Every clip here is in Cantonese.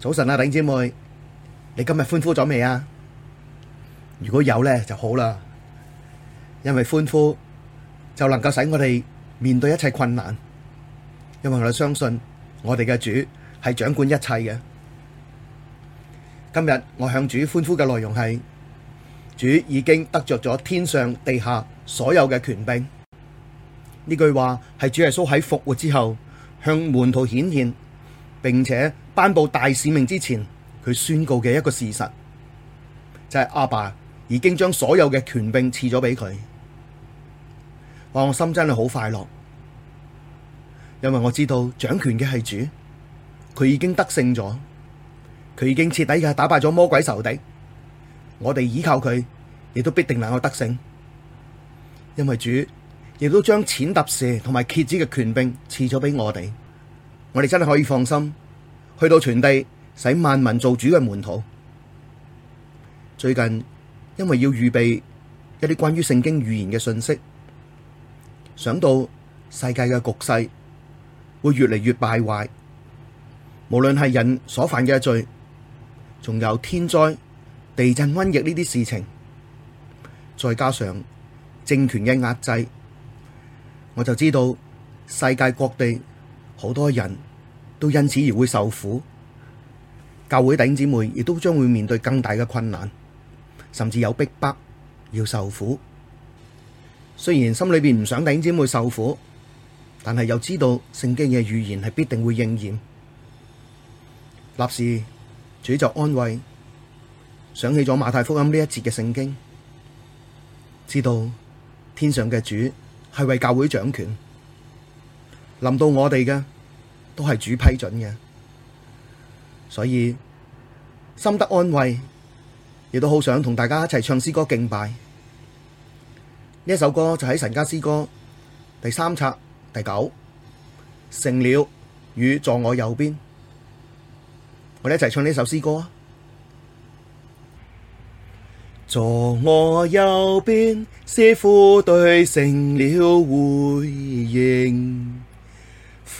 早晨啊，頂姐妹，你今日歡呼咗未啊？如果有呢就好啦，因為歡呼就能夠使我哋面對一切困難，因為我哋相信我哋嘅主係掌管一切嘅。今日我向主歡呼嘅內容係，主已經得着咗天上地下所有嘅權柄。呢句話係主耶穌喺復活之後向門徒顯現，並且頒布大使命之前，佢宣告嘅一個事實就係、是、阿爸已經將所有嘅權柄賜咗俾佢，話我心真係好快樂，因為我知道掌權嘅係主，佢已經得勝咗，佢已經徹底嘅打敗咗魔鬼仇敵，我哋依靠佢，亦都必定能夠得勝，因為主亦都將踐踏蛇同埋蠍子嘅權柄賜咗俾我哋，我哋真係可以放心。去到傳遞使萬民做主嘅門徒。最近因為要預備一啲關於聖經預言嘅信息，想到世界嘅局勢會越嚟越敗壞，無論係人所犯嘅罪，仲有天災、地震、瘟疫呢啲事情，再加上政權嘅壓制，我就知道世界各地好多人，都因此而會受苦，教會弟兄姊妹亦都將會面對更大的困難，甚至有逼迫要受苦。雖然心裡邊唔想弟兄姊妹受苦，但係又知道聖經的預言係必定會應驗。立時，主就安慰，想起了馬太福音呢一節嘅聖經，知道天上的主係為教會掌權，臨到我哋嘅，都係主批准嘅，所以心得安慰，亦都好想同大家一齊唱詩歌敬拜。呢一首歌就喺《神家詩歌》第三冊第九，成了與坐我右邊，我哋一齊唱呢首詩歌啊！坐我右邊，是父對成了回應。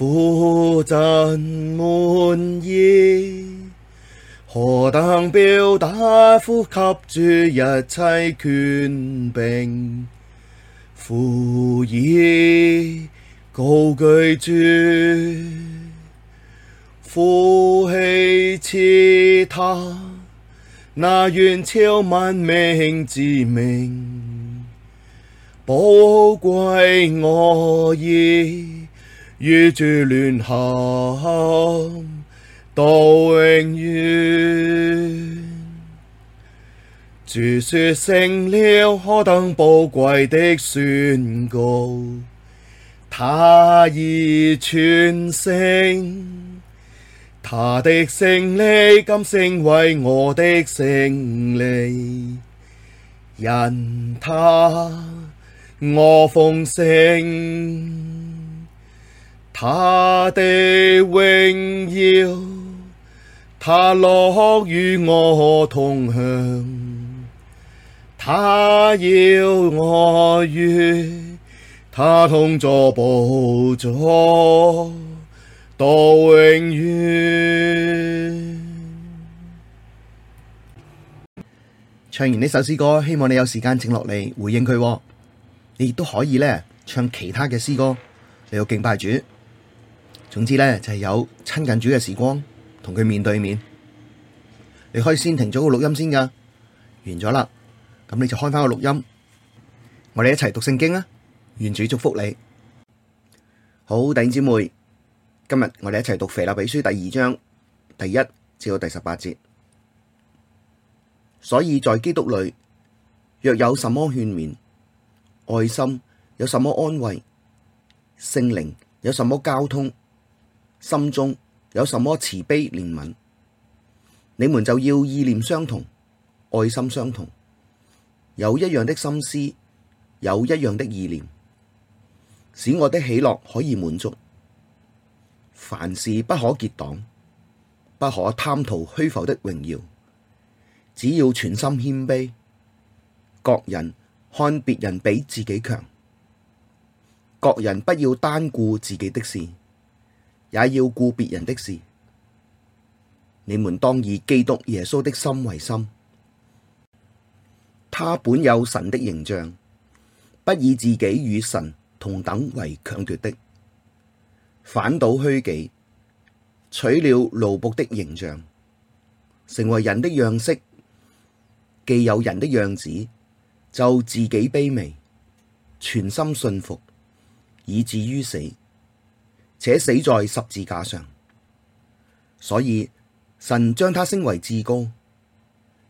父真滿意，何等表達父給主一切權柄，父已高舉主，父喜賜祂，那遠超萬名之名，寶貴我已，與主聯合到永遠。主說，成了！何等寶貴的宣告，祂已全勝。祂的勝利今成為我的勝利，因祂我豐盛。他的榮耀，他樂與我同享，他要我與他同坐寶座到永遠。唱完呢首詩歌，希望你有時間靜落嚟回應佢。你亦都可以咧唱其他嘅詩歌，嚟到敬拜主。總之咧，就係、是、有親近主嘅時光，同佢面對面。你可以先停咗個錄音先噶，完咗啦，咁你就開翻個錄音。我哋一齊讀聖經啊！願主祝福你。好，弟兄姊妹，今日我哋一齊讀腓立比書第二章第一至到第十八節。所以在基督裡，若有什麼勸勉、愛心，有什麼安慰、聖靈，有什麼交通。心中有什麼慈悲憐憫，你們就要意念相同，愛心相同，有一樣的心思，有一樣的意念，使我的喜樂可以滿足。凡事不可結黨，不可貪圖虛浮的榮耀，只要存心謙卑，各人看別人比自己強，各人不要單顧自己的事。也要顧別人的事。你們當以基督耶穌的心為心。他本有神的形象，不以自己與神同等為強奪的，反倒虛己，取了奴僕的形象，成為人的樣式。既有人的樣子，就自己卑微，存心順服，以至於死。且死在十字架上，所以神將他升為至高，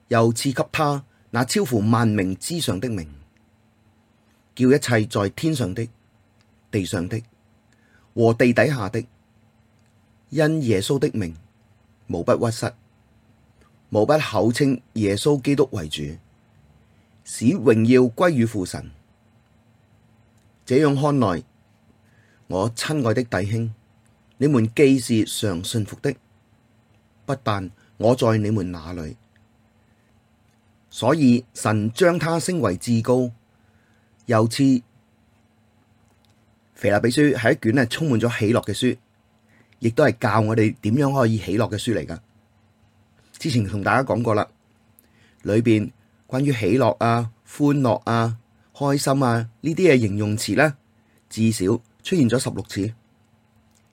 又賜給他那超乎萬名之上的名，叫一切在天上的、地上的和地底下的，因耶穌的名，無不屈膝，無不口稱耶穌基督為主，使榮耀歸於父神。這樣看來。我親愛的弟兄，你們既是常信服的，不但我在你們那裏，所以神將他升為至高。又賜。腓立比書係一卷咧，充滿咗喜樂嘅書，亦都係教我哋點樣可以喜樂嘅書嚟㗎。之前同大家講過啦，裏邊關於喜樂啊、歡樂啊、開心啊呢啲嘅形容詞咧，至少，出現咗十六次，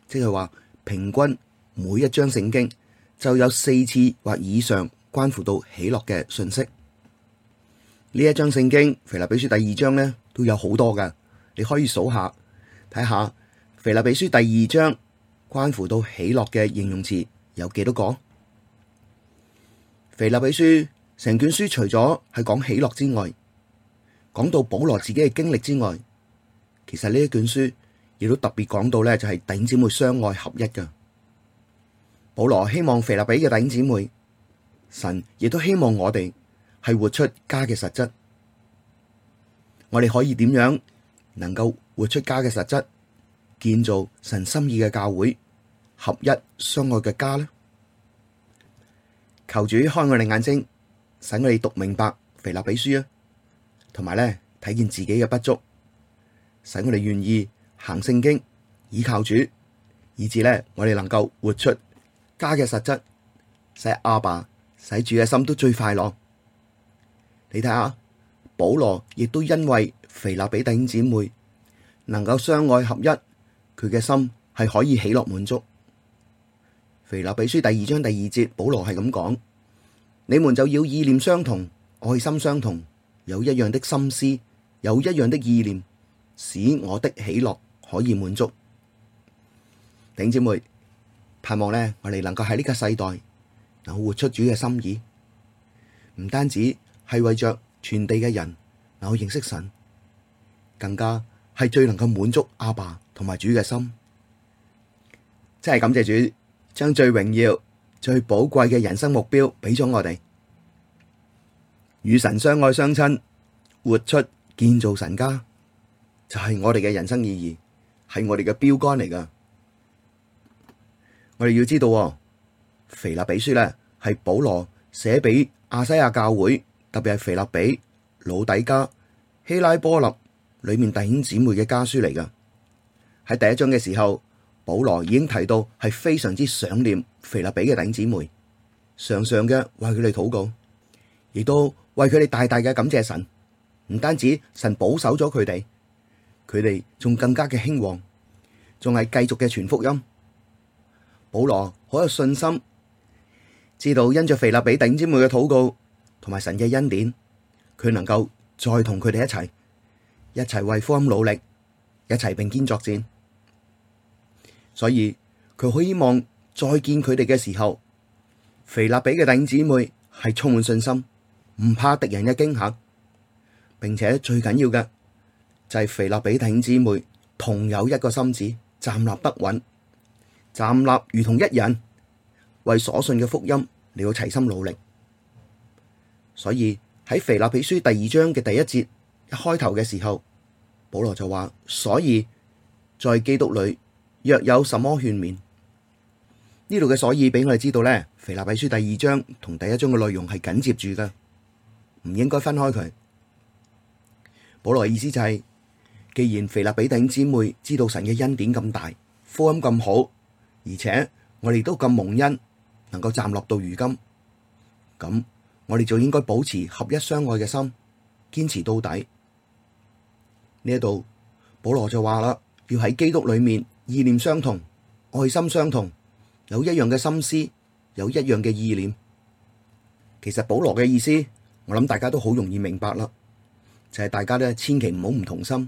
即係話平均每一章聖經就有四次或以上關乎到喜樂嘅信息。呢一章聖經《腓立比書》第二章咧都有好多噶你可以數下睇下《腓立比書》第二章關乎到喜樂嘅應用詞有幾多個？《腓立比書》成卷書除咗係講喜樂之外，講到保羅自己嘅經歷之外，其實呢一卷書。亦都特別講到咧，就係弟兄姊妹相愛合一嘅。保羅希望腓立比嘅弟兄姊妹，神亦都希望我哋係活出家嘅實質。我哋可以點樣能夠活出家嘅實質，建造神心意嘅教會，合一相愛嘅家咧？求主開我哋眼睛，使我哋讀明白腓立比書啊，同埋咧，睇見自己嘅不足，使我哋願意。行聖經，倚靠主，以至呢，我哋能夠活出家嘅實質，使阿爸、使主嘅心都最快樂。你睇下，保羅亦都因為腓立比弟兄姊妹能夠相愛合一，佢嘅心係可以喜樂滿足。腓立比書第二章第二節，保羅係咁講：你們就要意念相同，愛心相同，有一樣的心思，有一樣的意念，使我的喜樂。可以滿足。頂姐妹，盼望呢我哋能夠喺呢個世代能活出主嘅心意，唔單止係為着全地嘅人能夠認識神，更加係最能夠滿足阿爸同埋主嘅心。真係感謝主，將最榮耀、最寶貴嘅人生目標俾咗我哋，與神相愛相親，活出建造神家，就係我哋嘅人生意義。係我哋嘅標杆嚟噶，我哋要知道，腓立比書咧係保羅寫俾亞西亞教會，特別係腓立比、老底嘉、希拉波立裡面弟兄姊妹嘅家書嚟噶。喺第一章嘅時候，保羅已經提到係非常之想念腓立比嘅弟兄姊妹，常常嘅為佢哋禱告，亦都為佢哋大大嘅感謝神，唔單止神保守咗佢哋。佢哋仲更加嘅興旺，仲係繼續嘅傳福音。保羅好有信心，知道因着腓立比弟姊妹嘅禱告同埋神嘅恩典，佢能夠再同佢哋一齊，一齊為福音努力，一齊並肩作戰。所以佢好希望再見佢哋嘅時候，腓立比嘅弟兄姊妹係充滿信心，唔怕敵人嘅驚嚇，並且最緊要嘅，係腓立比弟兄姊妹同有一個心志站立得穩，站立如同一人，為所信嘅福音你要齊心努力。所以喺腓立比書第二章嘅第一節一開頭嘅時候，保羅就話：所以在基督裡若有什麼勸勉，呢度嘅所以俾我哋知道呢，腓立比書第二章同第一章嘅內容係緊接住噶唔應該分開佢。保羅意思就係、是。既然腓立比弟姊妹知道神嘅恩典咁大，福音咁好，而且我哋都咁蒙恩，能夠站立到如今，咁我哋就應該保持合一相愛嘅心，堅持到底呢一度。保羅就話啦，要喺基督裏面意念相同，愛心相同，有一樣嘅心思，有一樣嘅意念。其實保羅嘅意思，我諗大家都好容易明白啦，就係大家咧，千祈唔好唔同心。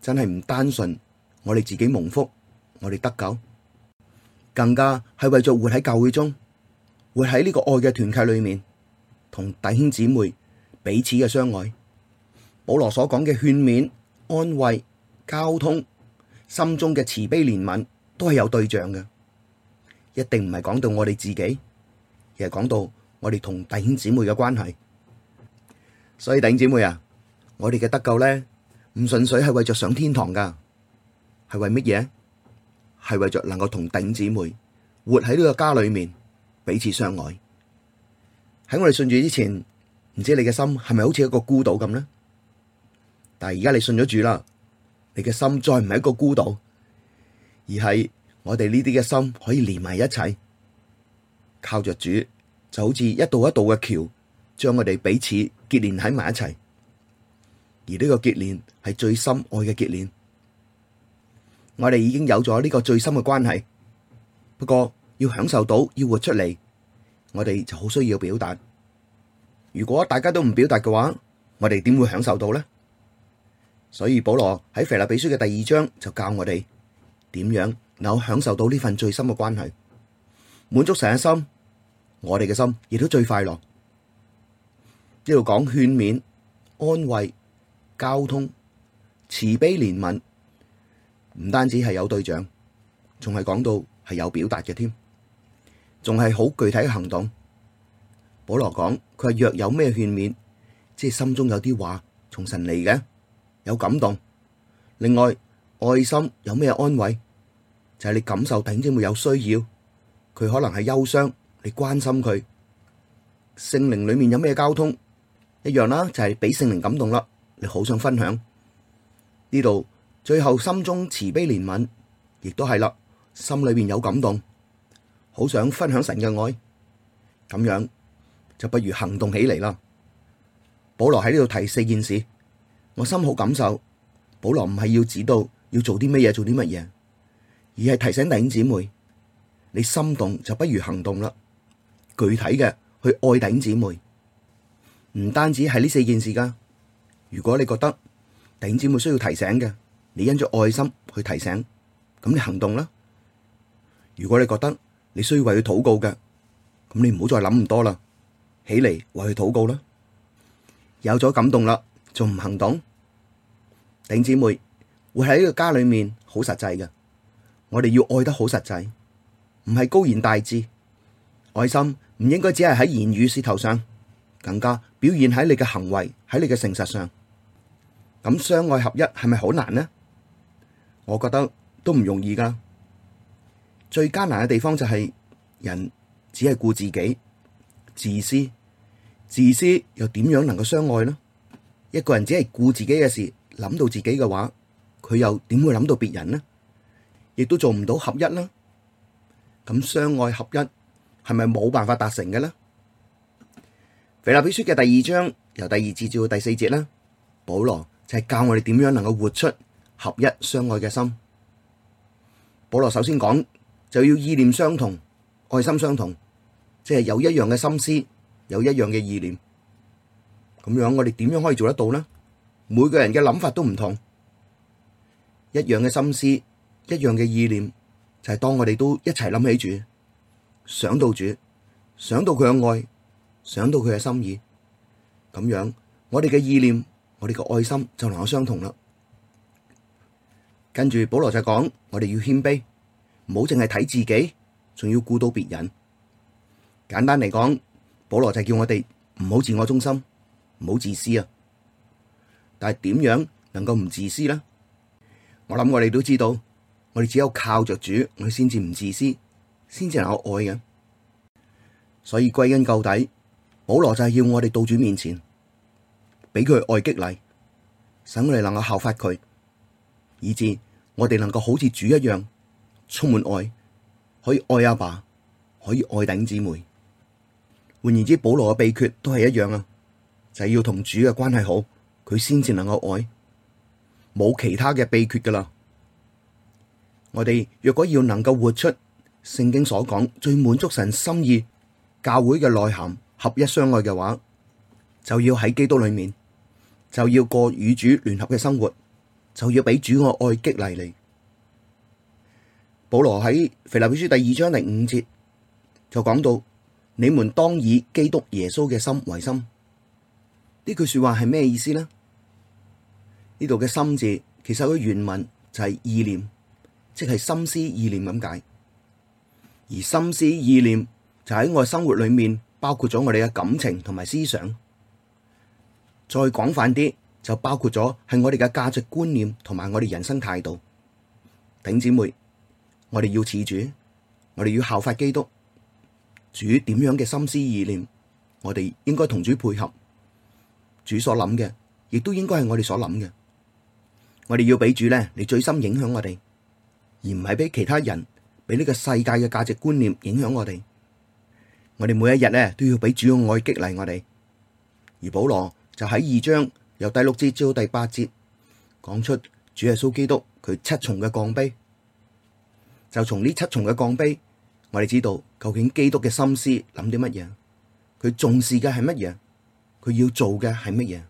真係唔單純，我哋自己蒙福，我哋得救，更加係為咗活喺教會中，活喺呢個愛嘅團契裏面，同弟兄姊妹彼此嘅相愛。保羅所講嘅勸勉、安慰、交通，心中嘅慈悲憐憫，都係有對象嘅，一定唔係講到我哋自己，而係講到我哋同弟兄姊妹嘅關係。所以弟兄姊妹啊，我哋嘅得救咧，唔純粹係為着上天堂噶，係為乜嘢？係為着能夠同弟兄姊妹活喺呢個家裏面，彼此相愛。喺我哋信住之前，唔知你嘅心係咪好似一個孤島咁呢？但係而家你信咗主啦，你嘅心再唔係一個孤島，而係我哋呢啲嘅心可以連埋一齊，靠着主就好似一道一道嘅橋，將我哋彼此結連喺埋一齊。而呢個結連係最深愛嘅結連，我哋已經有咗呢個最深嘅關係。不過要享受到，要活出嚟，我哋就好需要表達。如果大家都唔表達嘅話，我哋點會享受到呢？所以保羅喺《腓立比書》嘅第二章就教我哋點樣能夠享受到呢份最深嘅關係，滿足神嘅心，我哋嘅心亦都最快樂。一路講勸勉、安慰。交通慈悲憐憫，唔單止係有對象，仲係講到係有表達嘅添，仲係好具體嘅行動。保羅講佢話，若有咩勸勉，即係心中有啲話從神嚟嘅，有感動。另外愛心有咩安慰，就係、是、你感受頂先會有需要，佢可能係憂傷，你關心佢聖靈裏面有咩交通，一樣啦，就係、是、俾聖靈感動啦。你好想分享呢度，最後心中慈悲憐憫，亦都係啦。心裏邊有感動，好想分享神嘅愛，咁樣就不如行動起嚟啦。保羅喺呢度提四件事，我心好感受。保羅唔係要指導要做啲乜嘢，做啲乜嘢，而係提醒弟兄姊妹，你心動就不如行動啦。具體嘅去愛弟兄姊妹，唔單止係呢四件事噶。如果你覺得頂姊妹需要提醒嘅，你因住愛心去提醒，咁你行動啦。如果你覺得你需要為佢禱告嘅，咁你唔好再諗咁多啦，起嚟為佢禱告啦。有咗感動啦，仲唔行動？頂姊妹會喺呢個家裏面好實際嘅，我哋要愛得好實際，唔係高言大志，愛心唔應該只係喺言語舌頭上，更加表現喺你嘅行為，喺你嘅誠實上。咁相愛合一係咪好難呢？我覺得都唔容易噶。最艱難嘅地方就係人只係顧自己，自私，自私又點樣能夠相愛呢？一個人只係顧自己嘅事，諗到自己嘅話，佢又點會諗到別人呢？亦都做唔到合一啦。咁相愛合一係咪冇辦法達成嘅呢？《腓立比書》嘅第二章由第二節至到第四節啦，保羅。就係教我哋點樣能夠活出合一相愛嘅心。保羅首先講，就要意念相同，愛心相同，即係有一樣嘅心思，有一樣嘅意念。咁樣我哋點樣可以做得到呢？每個人嘅諗法都唔同，一樣嘅心思，一樣嘅意念，就係當我哋都一齊諗起主，想到主，想到佢嘅愛，想到佢嘅心意，咁樣我哋嘅意念。我哋個愛心就能夠相同啦。跟住保羅就講，我哋要謙卑，唔好淨係睇自己，仲要顧到別人。簡單嚟講，保羅就叫我哋唔好自我中心，唔好自私啊。但係點樣能夠唔自私呢？我諗我哋都知道，我哋只有靠着主，我哋先至唔自私，先至能夠愛嘅。所以歸根究底，保羅就係要我哋到主面前，俾佢愛激勵，使我哋能夠效法佢，以致我哋能夠好似主一樣充滿愛，可以愛阿爸，可以愛弟兄姊妹。換言之，保羅嘅秘訣都係一樣啊，就係要同主嘅關係好，佢先至能夠愛，冇其他嘅秘訣噶啦。我哋若果要能夠活出聖經所講最滿足神心意教會嘅內涵合一相愛嘅話，就要喺基督裏面，就要過與主聯合嘅生活，就要俾主嘅愛激勵你。保羅喺腓立比書第二章第五節就講到：你們當以基督耶穌嘅心為心。呢句說話係咩意思呢？呢度嘅心字其實佢原文就係意念，即係心思意念咁解。而心思意念就喺我嘅生活裏面，包括咗我哋嘅感情同埋思想。再廣泛啲，就包括咗係我哋嘅價值觀念同埋我哋人生態度。頂姊妹，我哋要似主，我哋要效法基督。主點樣嘅心思意念，我哋應該同主配合。主所諗嘅，亦都應該係我哋所諗嘅。我哋要俾主咧，你最深影響我哋，而唔係俾其他人，俾呢個世界嘅價值觀念影響我哋。我哋每一日咧，都要俾主嘅愛激勵我哋。而保羅。就喺二章由第六節至到第八節講出主耶穌基督佢七重嘅降卑，就從呢七重嘅降卑，我哋知道究竟基督嘅心思諗啲乜嘢，佢重視嘅係乜嘢，佢要做嘅係乜嘢，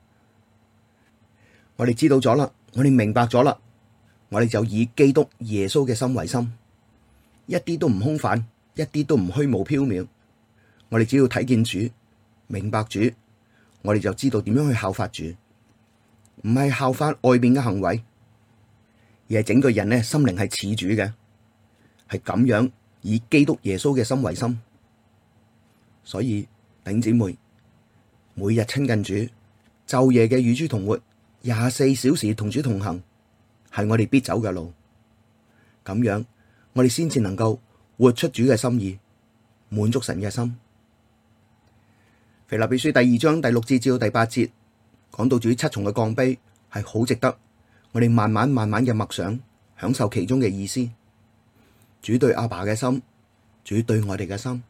我哋知道咗啦，我哋明白咗啦，我哋就以基督耶穌嘅心為心，一啲都唔空泛，一啲都唔虛無縹緲，我哋只要睇見主，明白主。我哋就知道點樣去效法主，唔係效法外邊嘅行為，而係整個人嘅心靈係似主嘅，係咁樣以基督耶穌嘅心為心。所以，頂姊妹每日親近主，晝夜嘅與主同活，廿四小時同主同行，係我哋必走嘅路。咁樣，我哋先至能夠活出主嘅心意，滿足神嘅心。腓立比書第二章第六至至到第八節，講到主七重嘅降卑係好值得我哋慢慢慢慢嘅默想，享受其中嘅意思。主對阿爸嘅心，主對我哋嘅心。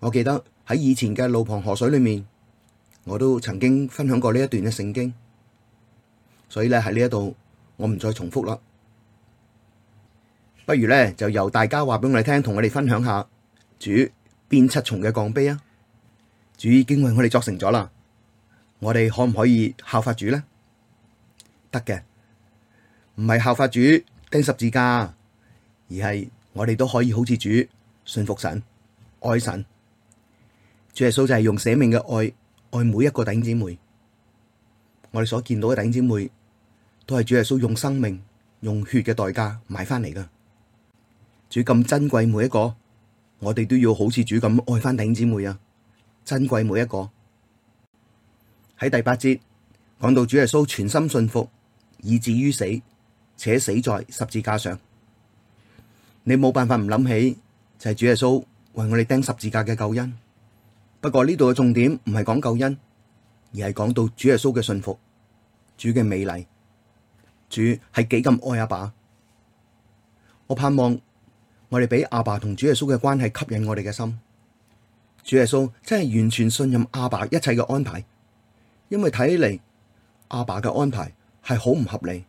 我記得喺以前嘅路旁河水裏面，我都曾經分享過呢一段嘅聖經。所以咧喺呢一度，我唔再重複啦。不如咧就由大家話俾我哋聽，同我哋分享下主邊七重嘅降卑啊！主已經為我哋作成咗啦，我哋可唔可以效法主呢？得嘅，唔係效法主釘十字架，而係我哋都可以好似主信服神、愛神。主耶穌就係用捨命嘅愛愛每一個弟兄姊妹。我哋所見到嘅弟兄姊妹，都係主耶穌用生命、用血嘅代價買翻嚟噶。主咁珍貴每一個，我哋都要好似主咁愛翻弟兄姊妹啊！珍貴每一個。喺第八節講到主耶穌全心信服，以至於死，且死在十字架上。你冇辦法唔諗起就係主耶穌為我哋釘十字架嘅救恩。不過呢度嘅重點唔係講救恩，而係講到主耶穌嘅信服，主嘅美麗，主係幾咁愛阿爸。我盼望我哋俾阿爸同主耶穌嘅關係吸引我哋嘅心。主耶穌真係完全信任阿爸一切嘅安排，因為睇起嚟阿爸嘅安排係好唔合理，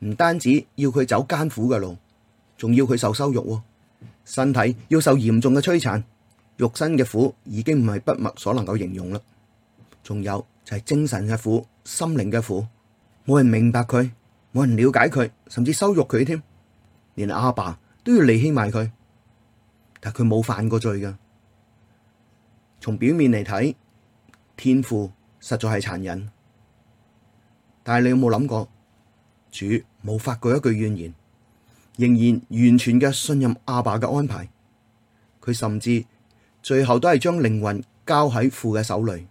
唔單止要佢走艱苦嘅路，仲要佢受羞辱，身體要受嚴重嘅摧殘，肉身嘅苦已經唔係筆墨所能夠形容啦。仲有就係精神嘅苦、心靈嘅苦，冇人明白佢，冇人了解佢，甚至羞辱佢添，連阿爸都要離棄埋佢，但佢冇犯過罪噶。從表面嚟睇，天父實在係殘忍，但係你有冇諗過，主冇發過一句怨言，仍然完全嘅信任阿爸嘅安排。佢甚至最後都係將靈魂交喺父嘅手裏，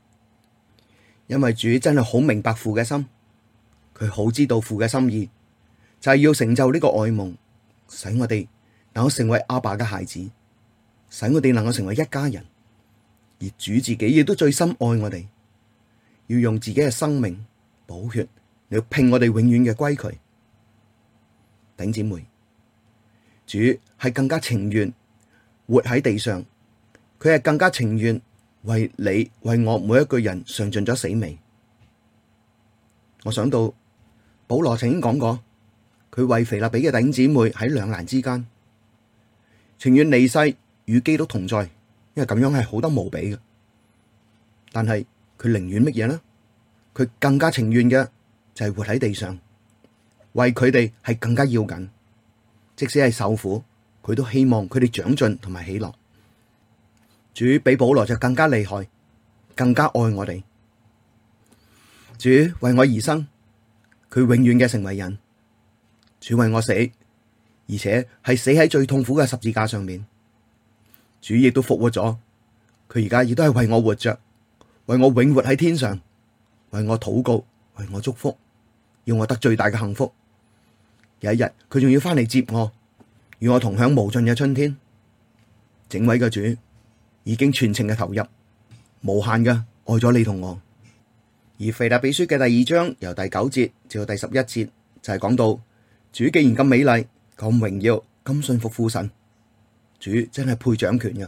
因為主真係好明白父嘅心，佢好知道父嘅心意，就係要成就呢個愛夢，使我哋能夠成為阿爸嘅孩子，使我哋能夠成為一家人。而主自己亦都最深愛我哋，要用自己嘅生命補血，嚟拼我哋永遠嘅歸佢。頂姊妹，主係更加情願活喺地上，佢係更加情願為你為我每一個人嘗盡咗死味。我想到保羅曾經講過，佢為腓立比嘅頂姊妹喺兩難之間，情願離世與基督同在。因為咁樣係好得無比嘅，但係佢寧願乜嘢呢？佢更加情願嘅就係活喺地上，為佢哋係更加要緊。即使係受苦，佢都希望佢哋長進同埋喜樂。主比保羅就更加厲害，更加愛我哋。主為我而生，佢永遠嘅成為人。主為我死，而且係死喺最痛苦嘅十字架上面。主亦都復活咗，佢而家亦都係為我活着，為我永活喺天上，為我禱告，為我祝福，要我得最大嘅幸福。有一日佢仲要翻嚟接我，與我同享無盡嘅春天。整位嘅主已經全程嘅投入，無限嘅愛咗你同我。而《腓立比書》嘅第二章由第九節至到第十一節就係、是、講到主既然咁美麗、咁榮耀、咁信服父神。主真係配掌權嘅，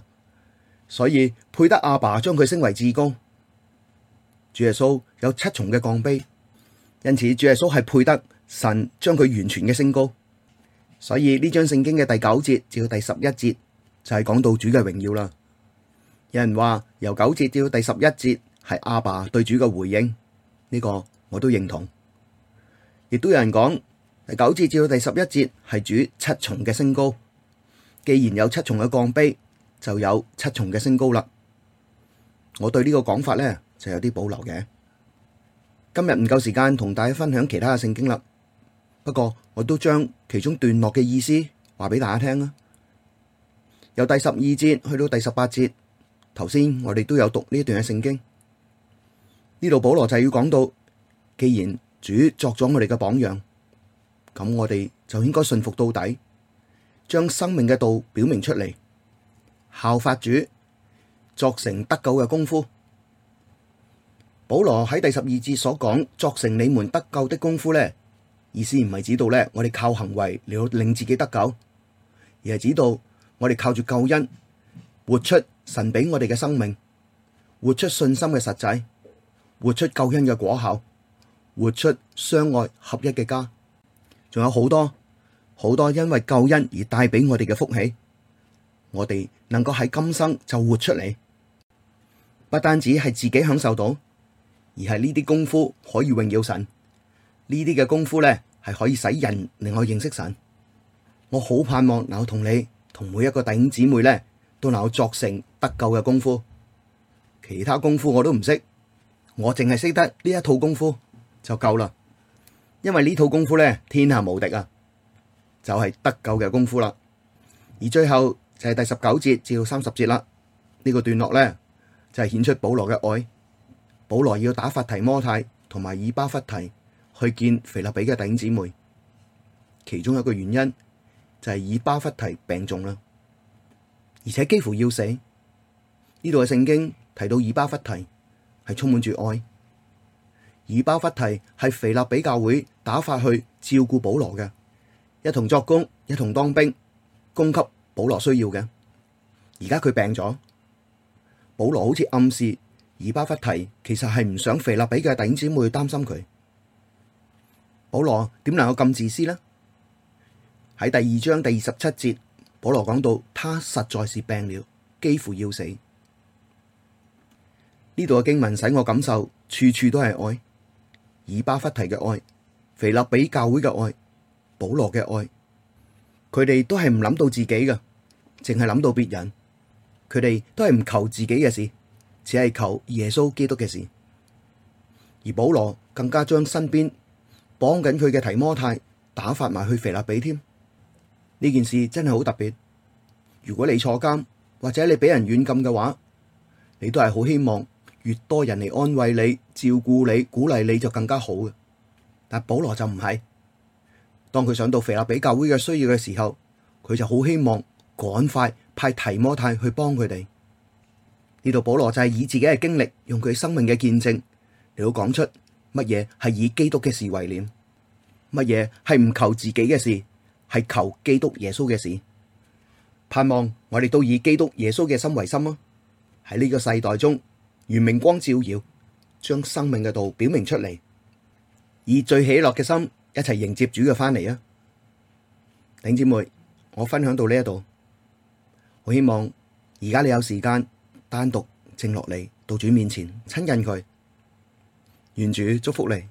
所以配得阿爸將佢升為至高。主耶穌有七重嘅降卑，因此主耶穌係配得神將佢完全嘅升高。所以呢章聖經嘅第九節至到第十一節就係講到主嘅榮耀啦。有人話由九節至到第十一節係阿爸對主嘅回應，呢個我都認同。亦都有人講第九節至到第十一節係主七重嘅升高。既然有七重嘅降卑，就有七重嘅升高啦。我對呢個講法呢，就有啲保留嘅。今日唔夠時間同大家分享其他嘅聖經啦，不過我都將其中段落嘅意思話俾大家聽啦。由第十二節去到第十八節，頭先我哋都有讀呢一段嘅聖經。呢度保羅就要講到，既然主作咗我哋嘅榜樣，咁我哋就應該信服到底。將生命嘅道表明出嚟，效法主，作成得救嘅功夫。保羅喺第十二節所講，作成你們得救的功夫咧，意思唔係指到咧，我哋靠行為嚟到令自己得救，而係指到我哋靠住救恩，活出神俾我哋嘅生命，活出信心嘅實際，活出救恩嘅果效，活出相愛合一嘅家，仲有好多。好多因為救恩而帶俾我哋嘅福氣，我哋能夠喺今生就活出嚟。不單止係自己享受到，而係呢啲功夫可以榮耀神。呢啲嘅功夫咧係可以使人令我認識神。我好盼望能我同你同每一個弟兄姊妹咧都能夠作成得救嘅功夫。其他功夫我都唔識，我淨係識得呢一套功夫就夠啦，因為呢套功夫咧天下無敵啊！就係得救嘅功夫啦，而最後就係第十九節至到三十節啦，呢、這個段落咧就係、是、顯出保羅嘅愛。保羅要打發提摩太同埋以巴弗提去見腓立比嘅弟兄姊妹，其中一個原因就係以巴弗提病重啦，而且幾乎要死。呢度嘅聖經提到以巴弗提係充滿住愛，以巴弗提係腓立比教會打發去照顧保羅嘅。一同作工，一同當兵，供給保羅需要嘅。而家佢病咗，保羅好似暗示以巴弗提其實係唔想腓立比嘅弟兄姊妹擔心佢。保羅點能夠咁自私呢？喺第二章第二十七節，保羅講到他實在是病了，幾乎要死。呢度嘅經文使我感受處處都係愛，以巴弗提嘅愛，腓立比教會嘅愛。保羅嘅愛，佢哋都係唔諗到自己嘅，淨係諗到別人。佢哋都係唔求自己嘅事，只係求耶穌基督嘅事。而保羅更加將身邊綁緊佢嘅提摩太打發埋去腓立比添。呢件事真係好特別。如果你坐監或者你俾人軟禁嘅話，你都係好希望越多人嚟安慰你、照顧你、鼓勵你就更加好嘅。但保羅就唔係。當佢上到腓立比教會嘅需要嘅時候，佢就好希望趕快派提摩太去幫佢哋。呢度，保羅就係以自己嘅經歷，用佢生命嘅見證嚟到講出乜嘢係以基督嘅事為念，乜嘢係唔求自己嘅事，係求基督耶穌嘅事。盼望我哋都以基督耶穌嘅心為心咯。喺呢個世代中，如明光照耀，將生命嘅道表明出嚟，以最喜樂嘅心，一齊迎接主嘅返嚟啊！頂姊妹，我分享到呢一度，我希望而家你有時間單獨靜落嚟到主面前親近佢，願主祝福你。